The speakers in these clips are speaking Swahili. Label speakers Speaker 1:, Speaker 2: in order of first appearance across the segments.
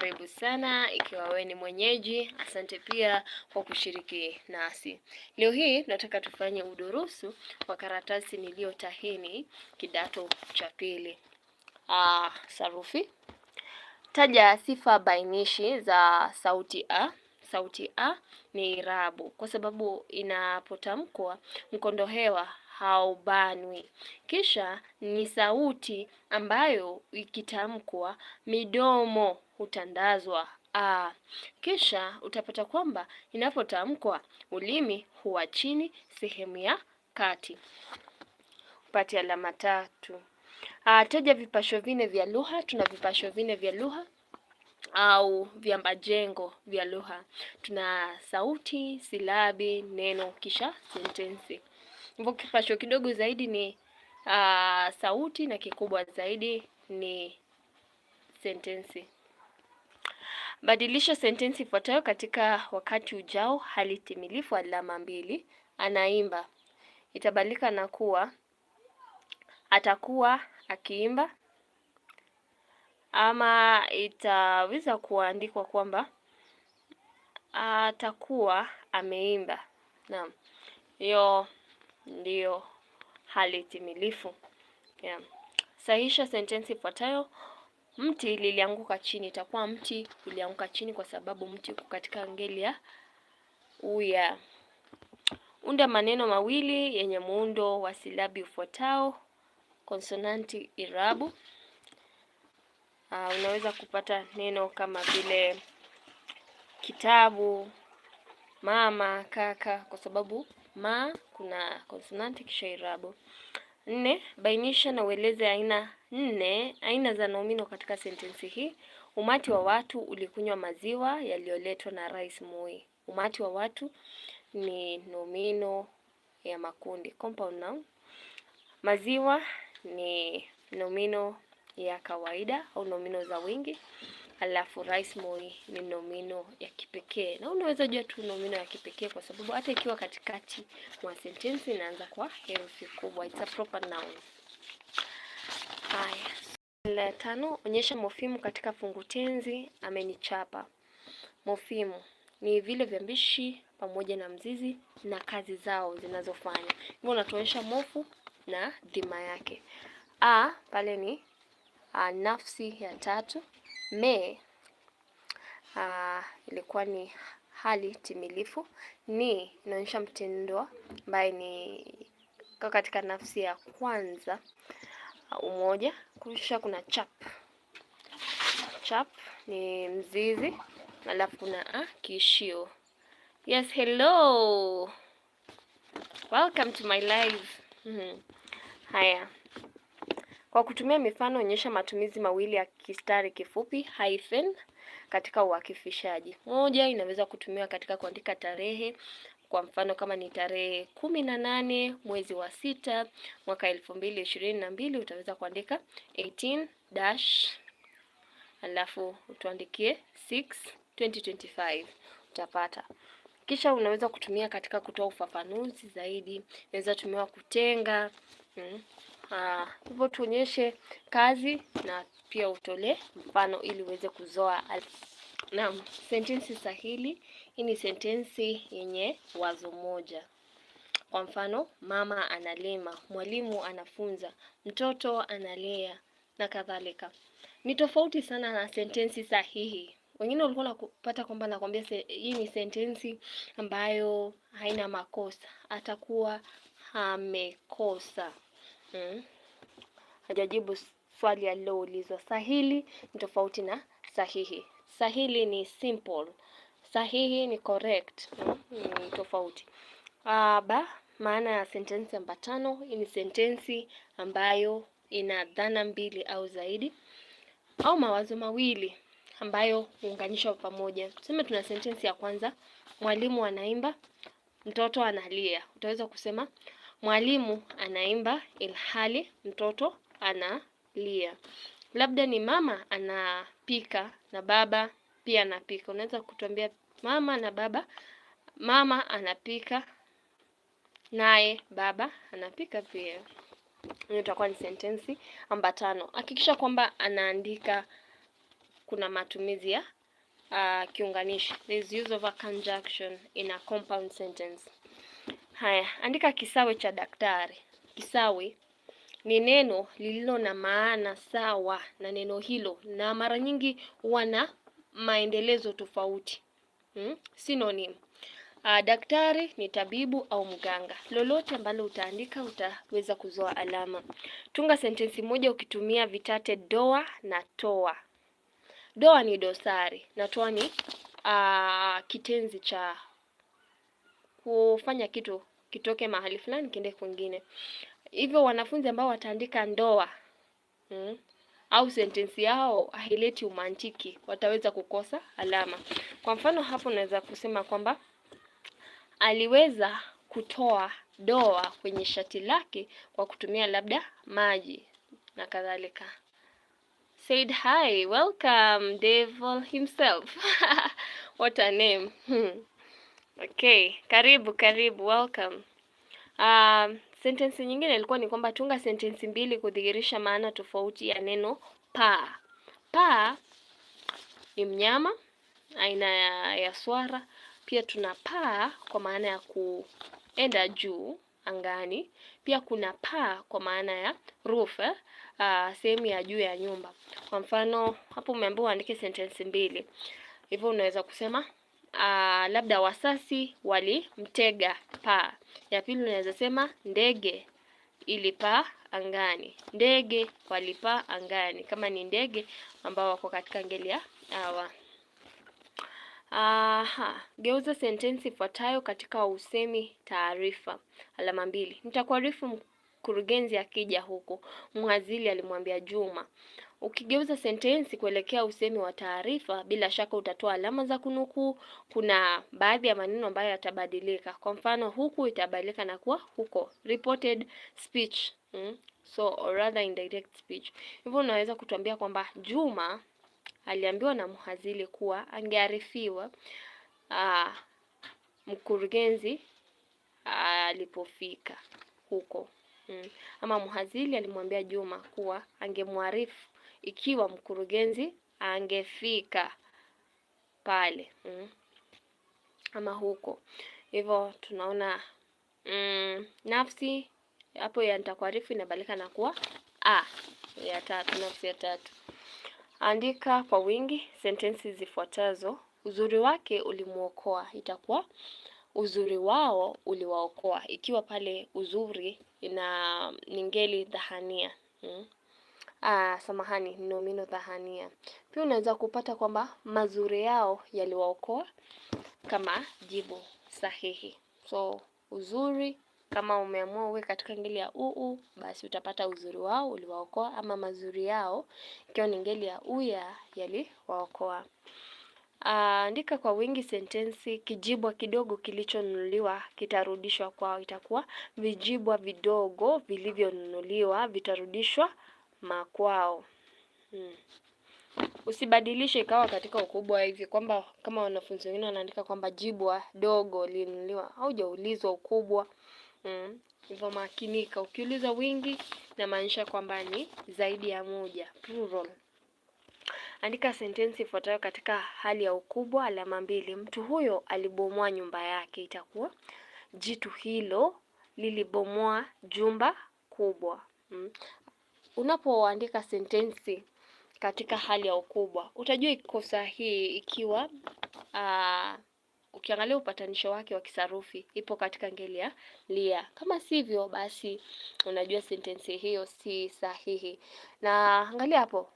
Speaker 1: Karibu sana ikiwa wewe ni mwenyeji, asante pia kwa kushiriki nasi leo hii. Nataka tufanye udurusu wa karatasi niliyotahini kidato cha pili. Ah, sarufi. Taja sifa bainishi za sauti a. Sauti a ni irabu, kwa sababu inapotamkwa mkondo hewa haubanwi. Kisha ni sauti ambayo ikitamkwa midomo hutandazwa a. Kisha utapata kwamba inapotamkwa ulimi huwa chini sehemu ya kati. Upate alama tatu. A, taja vipasho vine vya lugha. Tuna vipasho vine vya lugha au viambajengo vya lugha. Tuna sauti, silabi, neno kisha sentensi. Hivyo kidogo zaidi ni uh, sauti na kikubwa zaidi ni sentensi. Badilisha sentensi ifuatayo katika wakati ujao hali timilifu alama mbili. Anaimba itabadilika na kuwa atakuwa akiimba, ama itaweza kuandikwa kwamba atakuwa ameimba. Naam, hiyo ndiyo hali timilifu. Yeah. Sahisha sentensi ifuatayo: mti lilianguka chini, itakuwa mti ulianguka chini kwa sababu mti uko katika ngeli ya uya. Unda maneno mawili yenye muundo wa silabi ufuatao konsonanti irabu. Uh, unaweza kupata neno kama vile kitabu, mama, kaka, kwa sababu ma kuna konsonanti kisha irabu. Nne, bainisha na ueleze aina nne aina za nomino katika sentensi hii. Umati wa watu ulikunywa maziwa yaliyoletwa na Rais Moi. Umati wa watu ni nomino ya makundi compound noun. Maziwa ni nomino ya kawaida au nomino za wingi alafu rice moi ni nomino ya kipekee, na unaweza jua tu nomino ya kipekee kwa sababu hata ikiwa katikati mwa sentensi inaanza kwa herufi kubwa, it's a proper noun. Haya, la tano, onyesha mofimu katika fungu tenzi amenichapa. Mofimu ni vile viambishi pamoja na mzizi na kazi zao zinazofanya. Hivyo unatuonyesha mofu na dhima yake. A pale ni a, nafsi ya tatu. May uh, ilikuwa ni hali timilifu. Ni inaonyesha mtendo ambaye ni katika nafsi ya kwanza ah, umoja. Kisha kuna chap chap ni mzizi, alafu kuna a ah, kiishio. Yes, hello welcome to my live. Mm -hmm. Haya. Kwa kutumia mifano, onyesha matumizi mawili ya kistari kifupi hyphen katika uakifishaji. Moja inaweza kutumiwa katika kuandika tarehe, kwa mfano kama ni tarehe kumi na nane mwezi wa sita mwaka elfu mbili ishirini na mbili utaweza kuandika 18 dash alafu utuandikie 6 2025 utapata. Kisha unaweza kutumia katika kutoa ufafanuzi zaidi, inaweza tumiwa kutenga mm. Ah, hivyo tuonyeshe kazi na pia utole mfano ili uweze kuzoa. Naam, sentensi sahili. Hii ni sentensi yenye wazo moja. Kwa mfano, mama analima, mwalimu anafunza, mtoto analea na kadhalika. Ni tofauti sana na sentensi sahihi. Wengine walikuwa napata kwamba nakwambia hii ni sentensi ambayo haina makosa, atakuwa amekosa. Mm. Hajajibu swali aliloulizwa. Sahili ni tofauti na sahihi. Sahili ni simple, sahihi ni correct. Mm. Ni tofauti. Uh, ba maana ya sentensi ambatano. ni sentensi ambayo ina dhana mbili au zaidi au mawazo mawili ambayo huunganishwa pamoja. Tuseme tuna sentensi ya kwanza, mwalimu anaimba, mtoto analia. Utaweza kusema Mwalimu anaimba ilhali mtoto analia. Labda ni mama anapika na baba pia anapika. Unaweza kutuambia mama na baba, mama anapika naye baba anapika pia. Hiyo itakuwa ni sentensi ambatano. Hakikisha kwamba anaandika kuna matumizi ya uh, kiunganishi. There is use of a conjunction in a compound sentence. Haya, andika kisawe cha daktari. Kisawe ni neno lililo na maana sawa na neno hilo, na mara nyingi wana na maendelezo tofauti hmm? Synonym. Uh, daktari ni tabibu au mganga. Lolote ambalo utaandika utaweza kuzoa alama. Tunga sentensi moja ukitumia vitate doa na toa. Doa ni dosari na toa ni uh, kitenzi cha kufanya kitu kitoke mahali fulani kiende kwingine. Hivyo wanafunzi ambao wataandika ndoa hmm, au sentensi yao haileti umantiki wataweza kukosa alama. Kwa mfano hapo naweza kusema kwamba aliweza kutoa doa kwenye shati lake kwa kutumia labda maji na kadhalika. Said hi, welcome Devil himself. What a name. Hmm. Okay, karibu karibu, welcome. Um, sentensi nyingine ilikuwa ni kwamba tunga sentensi mbili kudhihirisha maana tofauti ya neno paa. Paa ni mnyama aina ya, ya swara. Pia tuna paa kwa maana ya kuenda juu angani. Pia kuna paa kwa maana ya roof, eh, uh, sehemu ya juu ya nyumba. Kwa mfano hapo umeambiwa uandike sentensi mbili, hivyo unaweza kusema uh, labda wasasi walimtega paa. Ya pili unaweza sema ndege ilipaa angani, ndege walipaa angani, kama ni ndege ambao wako katika ngeli ya awa. Aha, geuza sentensi ifuatayo katika usemi taarifa. Alama mbili. Nitakuarifu mkurugenzi akija huku, mhazili alimwambia Juma. Ukigeuza sentensi kuelekea usemi wa taarifa, bila shaka utatoa alama za kunukuu. Kuna baadhi ya maneno ambayo yatabadilika. Kwa mfano, huku itabadilika na kuwa huko. Reported speech mm, so or rather indirect speech. Hivyo unaweza kutuambia kwamba Juma aliambiwa na mhazili kuwa angearifiwa aa, ah, mkurugenzi alipofika huko mm. Ama mhazili alimwambia Juma kuwa angemwarifu ikiwa mkurugenzi angefika pale mm, ama huko hivyo tunaona mm, nafsi hapo ya nitakuarifu inabadilika na kuwa a ya tatu, nafsi ya tatu. Andika kwa wingi sentensi zifuatazo: uzuri wake ulimwokoa, itakuwa uzuri wao uliwaokoa. Ikiwa pale uzuri ina ningeli dhahania mm uh, samahani nomino dhahania. Pia unaweza kupata kwamba mazuri yao yaliwaokoa kama jibu sahihi. So uzuri kama umeamua uwe katika ngeli ya uu, basi utapata uzuri wao uliwaokoa, ama mazuri yao ikiwa ni ngeli ya uya yaliwaokoa. Ah, andika kwa wingi sentensi: kijibwa kidogo kilichonunuliwa kitarudishwa kwao. Itakuwa vijibwa vidogo vilivyonunuliwa vitarudishwa makwao. Hmm. Usibadilishe ikawa katika ukubwa hivi kwamba kama wanafunzi wengine wanaandika kwamba jibwa dogo linunuliwa, haujaulizwa ukubwa. Mm. Hivyo makinika, ukiuliza wingi inamaanisha kwamba ni zaidi ya moja, plural. Andika sentensi ifuatayo katika hali ya ukubwa, alama mbili. Mtu huyo alibomoa nyumba yake, itakuwa jitu hilo lilibomoa jumba kubwa. Mm unapoandika sentensi katika hali ya ukubwa utajua iko hii ikiwa aa, ukiangalia upatanisho wake wa kisarufi ipo katika ngeli ya lia. Kama sivyo, basi unajua sentensi hiyo si sahihi. Na angalia hapo,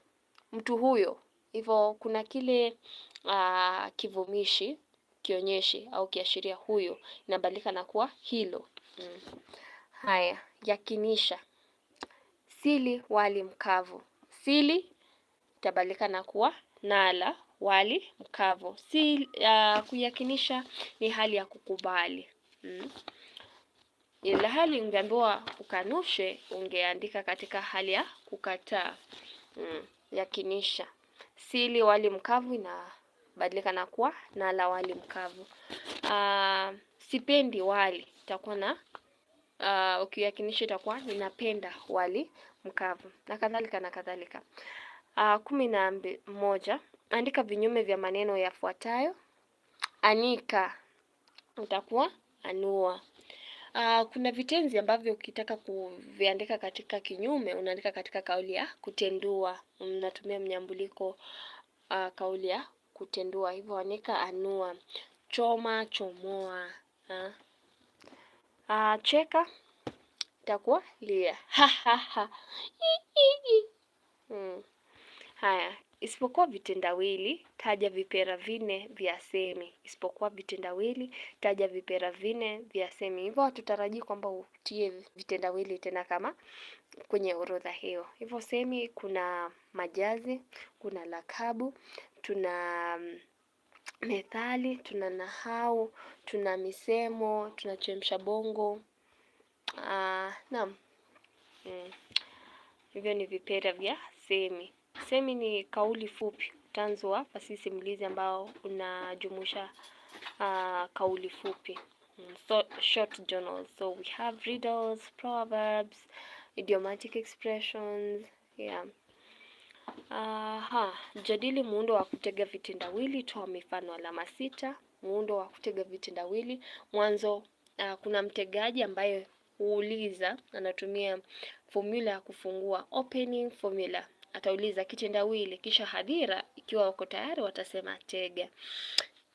Speaker 1: mtu huyo. Hivyo kuna kile aa, kivumishi kionyeshi au kiashiria huyo inabadilika na kuwa hilo. Hmm. Haya, yakinisha Sili wali mkavu. Sili tabalika na kuwa nala wali mkavu. Si uh, kuyakinisha ni hali ya kukubali mm. Ila hali ungeambiwa ukanushe, ungeandika katika hali ya kukataa mm. Yakinisha sili wali mkavu inabadilika na kuwa nala wali mkavu. Uh, sipendi wali itakuwa na uh, ah, ukiyakinisha itakuwa ninapenda wali mkavu na kadhalika na kadhalika. Uh, kumi na moja. Andika vinyume vya maneno yafuatayo: anika, utakuwa anua. Uh, kuna vitenzi ambavyo ukitaka kuviandika katika kinyume unaandika katika kauli ya kutendua, unatumia mnyambuliko uh, kauli ya kutendua. Hivyo anika, anua, choma, chomoa. Uh, cheka itakuwa lia hmm. Haya, isipokuwa vitendawili taja vipera vine vya semi. Isipokuwa vitendawili taja vipera vine vya semi. Hivyo hatutarajii kwamba utie vitendawili tena kama kwenye orodha hiyo. Hivyo semi, kuna majazi, kuna lakabu, tuna mm, methali, tuna nahau, tuna misemo, tuna chemsha bongo Ah, naam hmm. hivyo, ni vipera vya semi. Semi ni kauli fupi, utanzu wa fasihi simulizi ambao unajumuisha uh, kauli fupi hmm, So, short journals. So we have riddles, proverbs, idiomatic expressions. Yeah. Aha, jadili muundo wa kutega vitendawili, toa mifano alama sita. Muundo wa kutega vitendawili, mwanzo uh, kuna mtegaji ambaye kuuliza anatumia formula ya kufungua opening formula. Atauliza kitendawili, kisha hadhira, ikiwa wako tayari, watasema tega.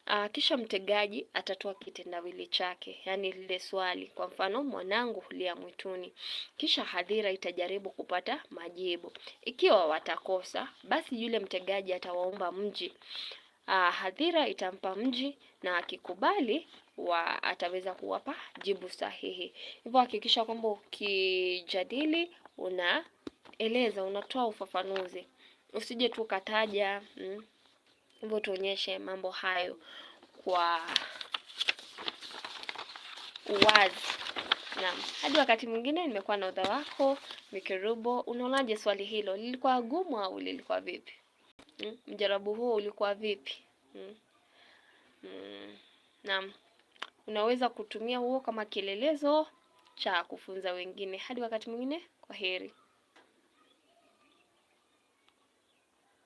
Speaker 1: Uh, kisha mtegaji atatoa kitendawili chake, yaani lile swali. Kwa mfano, mwanangu hulia mwituni. Kisha hadhira itajaribu kupata majibu. Ikiwa watakosa, basi yule mtegaji atawaomba mji uh, hadhira itampa mji na akikubali wa ataweza kuwapa jibu sahihi. Hivyo hakikisha kwamba ukijadili unaeleza, unatoa ufafanuzi, usije tu ukataja mm. Hivyo tuonyeshe mambo hayo kwa uwazi. Naam, hadi wakati mwingine. Nimekuwa na udha wako Mikerubo. Unaonaje swali hilo, lilikuwa gumu au lilikuwa vipi? Mm, mjarabu huo ulikuwa vipi? Mm. mm. Naam, unaweza kutumia huo kama kielelezo cha kufunza wengine. Hadi wakati mwingine, kwa heri.